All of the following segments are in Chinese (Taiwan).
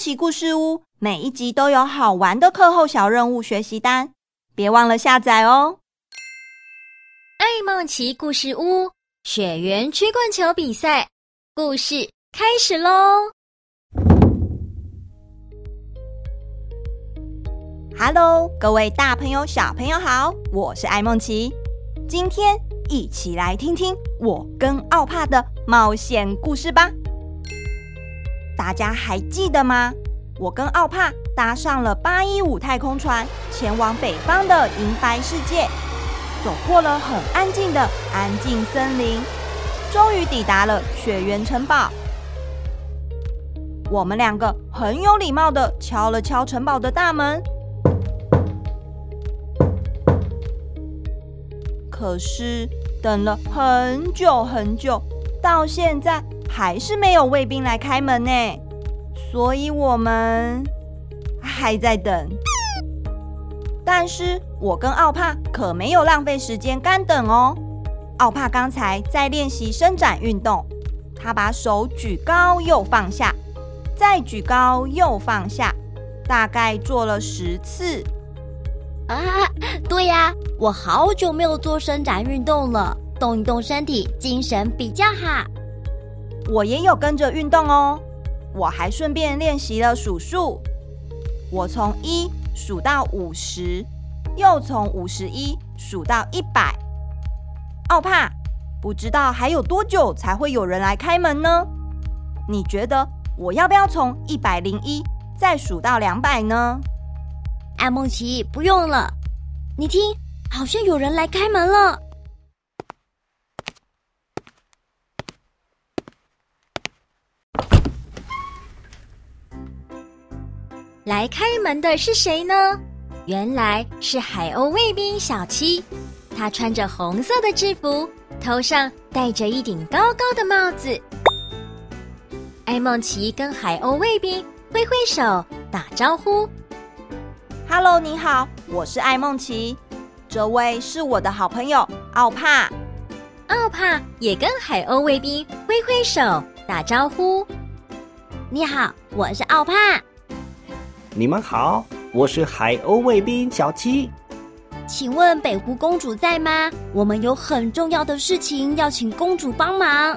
奇故事屋每一集都有好玩的課後小任務學習單，別忘了下載哦！愛孟奇故事屋雪原曲棍球比賽故事開始嘍！哈嘍，各位大朋友小朋友好，我是愛孟奇，今天一起來聽聽我跟奧帕的冒險故事吧。大家還記得嗎？我跟奧帕搭上了八一五太空船，前往北方的銀白世界，走過了很安靜的安靜森林，終於抵達了雪原城堡。我們兩個很有禮貌的敲了敲城堡的大門，可是等了很久很久，到現在。還是沒有衛兵來開門呢，所以我們還在等。但是，我跟奧帕可沒有浪費時間乾等哦。奧帕剛才在練習伸展運動，他把手舉高又放下，再舉高又放下，大概做了十次。啊，對呀，啊，我好久沒有做伸展運動了，動一動身體，精神比較好。我也有跟着運動哦，我還順便練習了數數。我從一數到五十，又從五十一數到一百。奧帕，不知道還有多久才會有人來開門呢？你覺得我要不要從一百零一再數到兩百呢？愛孟奇，不用了，你聽，好像有人來開門了。來開門的是誰呢？原來是海鷗衛兵小七，他穿着紅色的制服，頭上戴着一頂高高的帽子。愛孟奇跟海鷗衛兵揮揮手打招呼：“Hello，你好，我是愛孟奇。這位是我的好朋友奧帕，奧帕也跟海鷗衛兵揮揮手打招呼：“你好，我是奧帕。”你們好，我是海鷗衛兵小七。請問北湖公主在嗎？我們有很重要的事情要請公主幫忙。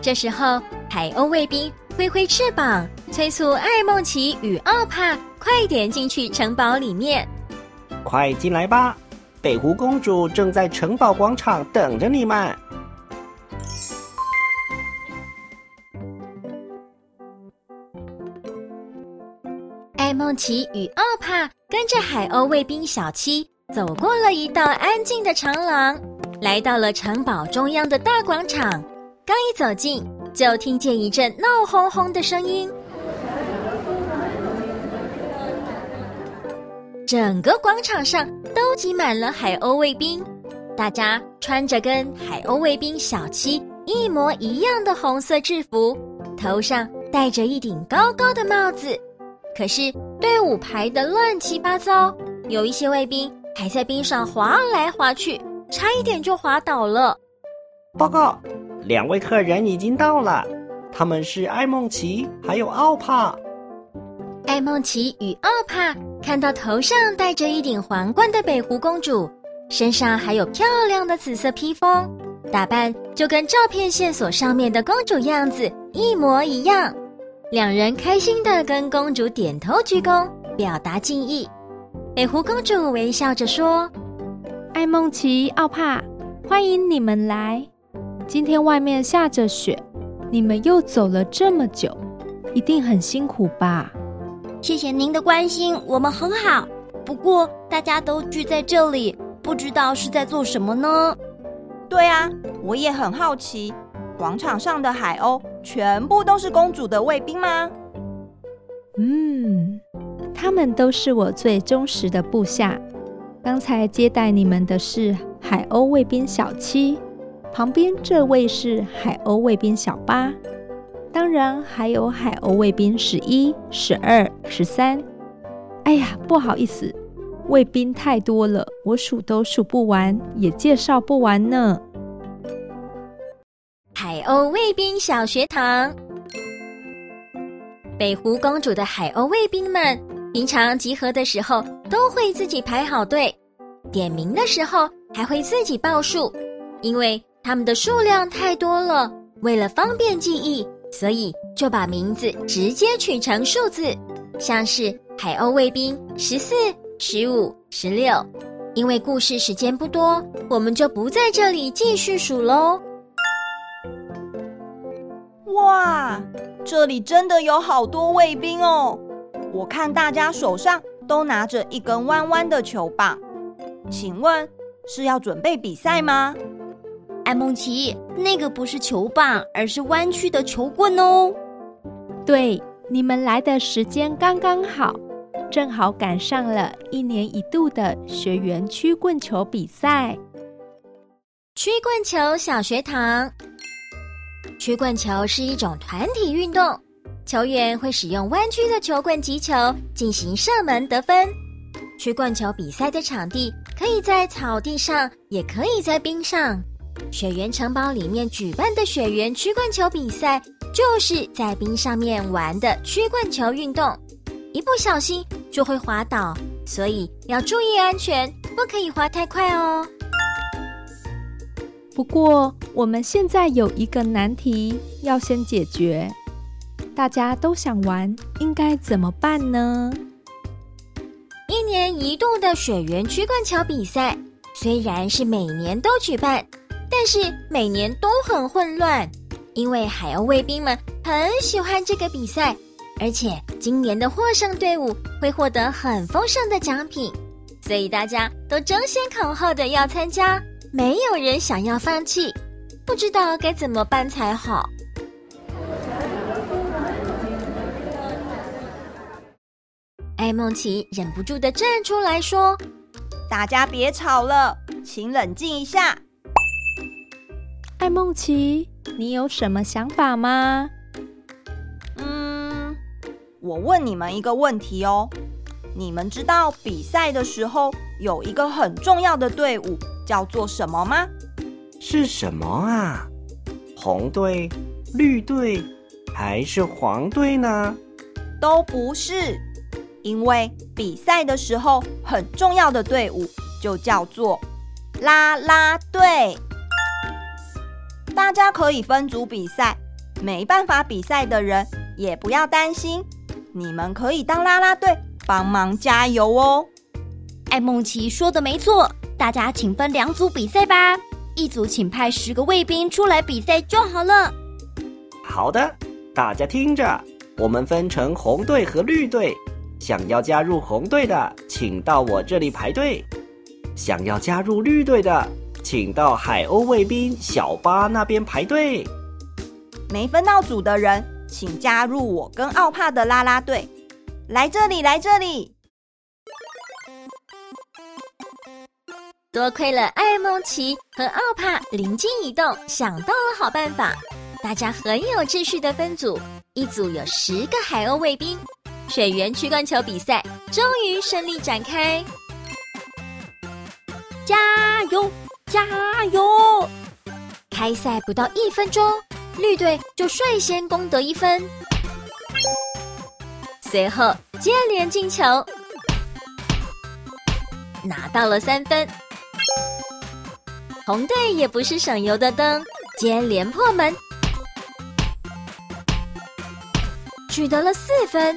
這時候，海鷗衛兵揮揮翅膀，催促愛孟奇與奧帕快點進去城堡裡面。快進來吧，北湖公主正在城堡廣場等着你們。愛孟奇與奧帕跟着海鷗衛兵小七走過了一道安靜的長廊，來到了城堡中央的大廣場。剛一走進，就聽見一陣鬧哄哄的聲音。整個廣場上都擠滿了海鷗衛兵，大家穿着跟海鷗衛兵小七一模一樣的紅色制服，頭上戴着一頂高高的帽子。可是隊伍排得亂七八糟，有一些衛兵還在冰上滑來滑去，差一點就滑倒了。報告，兩位客人已經到了。他們是愛孟奇，還有奧帕。愛孟奇與奧帕看到頭上戴着一頂皇冠的北湖公主，身上還有漂亮的紫色披風，打扮就跟照片線索上面的公主樣子一模一樣。兩人開心的跟公主點頭鞠躬，表達敬意。北湖公主微笑着說：“愛孟奇、奧帕，歡迎你們來。今天外面下着雪，你們又走了這麼久，一定很辛苦吧？”謝謝您的關心，我們很好。不過大家都聚在這裡，不知道是在做什麼呢？對啊，我也很好奇。廣場上的海鷗。全部都是公主的衛兵嗎？嗯，他們都是我最忠實的部下。剛才接待你們的是海鷗衛兵小七，旁邊這位是海鷗衛兵小八，當然還有海鷗衛兵十一、十二、十三。哎呀，不好意思，衛兵太多了，我數都數不完，也介紹不完呢。海鷗衛兵小學堂，北湖公主的海鷗衛兵們，平常集合的時候都會自己排好隊，點名的時候還會自己報數，因為他們的數量太多了，為了方便記憶，所以就把名字直接取成數字，像是海鷗衛兵十四、十五、十六。因為故事時間不多，我們就不在這裡繼續數嘍。哇，這裡真的有好多衛兵哦！我看大家手上都拿着一根彎彎的球棒，請問是要準備比賽嗎？愛孟奇，那個不是球棒，而是彎曲的球棍哦。對，你們來的時間剛剛好，正好趕上了一年一度的雪原曲棍球比賽。曲棍球小學堂。曲棍球是一種團體運動，球員會使用彎曲的球棍擊球進行射門得分。曲棍球比賽的場地可以在草地上，也可以在冰上。雪原城堡裡面舉辦的雪原曲棍球比賽，就是在冰上面玩的曲棍球運動。一不小心就會滑倒，所以要注意安全，不可以滑太快哦。不過，我們現在有一個難題要先解決。大家都想玩，應該怎麼辦呢？一年一度的雪原曲棍球比賽雖然是每年都舉辦，但是每年都很混亂。因為海鷗衛兵們很喜歡這個比賽，而且今年的獲勝隊伍會獲得很豐盛的獎品，所以大家都爭先恐後的要參加。沒有人想要放棄，不知道該怎麼辦才好。愛孟奇忍不住的站出來說：“大家別吵了，請冷靜一下。”愛孟奇，你有什麼想法嗎？嗯，我問你們一個問題哦，你們知道比賽的時候有一個很重要的隊伍叫做什麼嗎？是什麼啊？紅隊、綠隊還是黃隊呢？都不是，因為比賽的時候很重要的隊伍就叫做啦啦隊。大家可以分組比賽，沒辦法比賽的人也不要擔心，你們可以當啦啦隊幫忙加油哦。愛孟奇說的沒錯。大家請分兩組比賽吧，一組請派十個衛兵出來比賽就好了。好的，大家聽着，我們分成紅隊和綠隊，想要加入紅隊的，請到我這裡排隊；想要加入綠隊的，請到海鷗衛兵小巴那邊排隊。沒分到組的人，請加入我跟奧帕的啦啦隊，來這裡，來這裡。多虧了愛孟奇和奧帕靈機一動，想到了好辦法。大家很有秩序的分組，一組有十個海鷗衛兵。雪原曲棍球比賽終於順利展開，加油，加油！開賽不到一分鐘，綠隊就率先攻得一分，隨後接連進球，拿到了三分。紅隊也不是省油的燈，接連破門，取得了四分。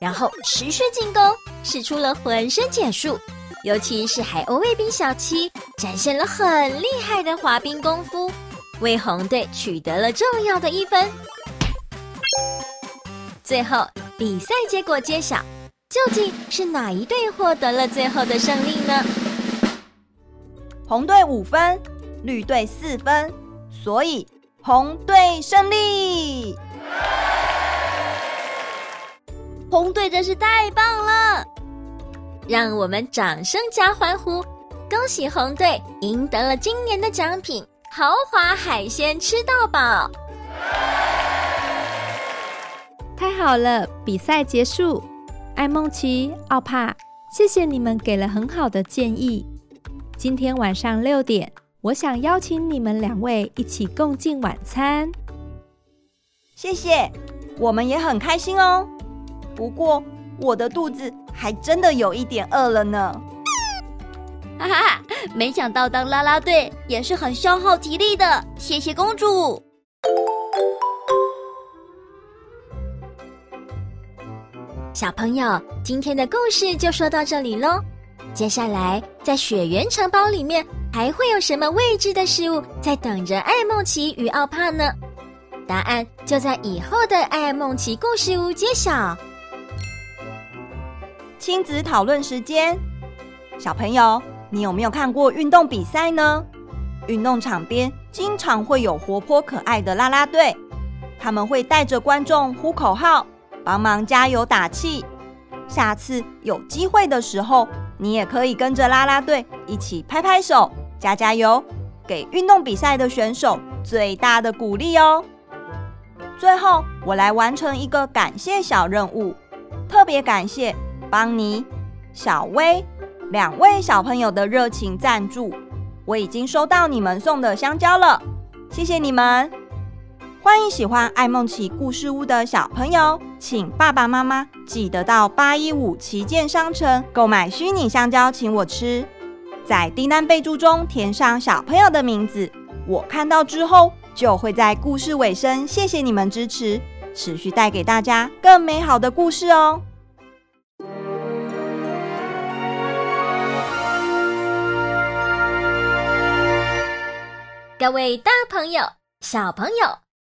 然後持續進攻，使出了渾身解數，尤其是海鷗衛兵小七，展現了很厲害的滑冰功夫，為紅隊取得了重要的一分。最後，比賽結果揭曉，究竟是哪一隊獲得了最後的勝利呢？紅隊五分，綠隊四分，所以紅隊勝利。紅隊真是太棒了，讓我們掌聲加歡呼，恭喜紅隊贏得了今年的獎品——豪華海鮮吃到飽。太好了，比賽結束。愛孟奇、奧帕，謝謝你們給了很好的建議。今天晚上六點，我想邀請你們兩位一起共進晚餐。謝謝，我們也很開心哦。不過我的肚子還真的有一點餓了呢。哈哈哈，沒想到當啦啦隊也是很消耗體力的。謝謝公主。小朋友，今天的故事就說到這裡嘍。接下來，在雪原城堡裡面還會有什麼未知的事物在等着愛孟奇與奧帕呢？答案就在以後的愛孟奇故事屋揭曉。親子討論時間，小朋友，你有沒有看過運動比賽呢？運動場邊經常會有活潑可愛的啦啦隊，他們會帶着觀眾呼口號，幫忙加油打氣。下次有機會的時候。你也可以跟着啦啦隊一起拍拍手，加加油，給運動比賽的選手最大的鼓勵哦。最後，我來完成一個感謝小任務，特別感謝邦尼、小薇兩位小朋友的熱情贊助，我已經收到你們送的香蕉了，謝謝你們。歡迎喜歡《愛孟奇故事屋》的小朋友，請爸爸媽媽記得到八一五旗艦商城購買虛擬香蕉，請我吃。在訂單備註中填上小朋友的名字，我看到之後就會在故事尾聲謝謝你們支持，持續帶給大家更美好的故事哦。各位大朋友、小朋友。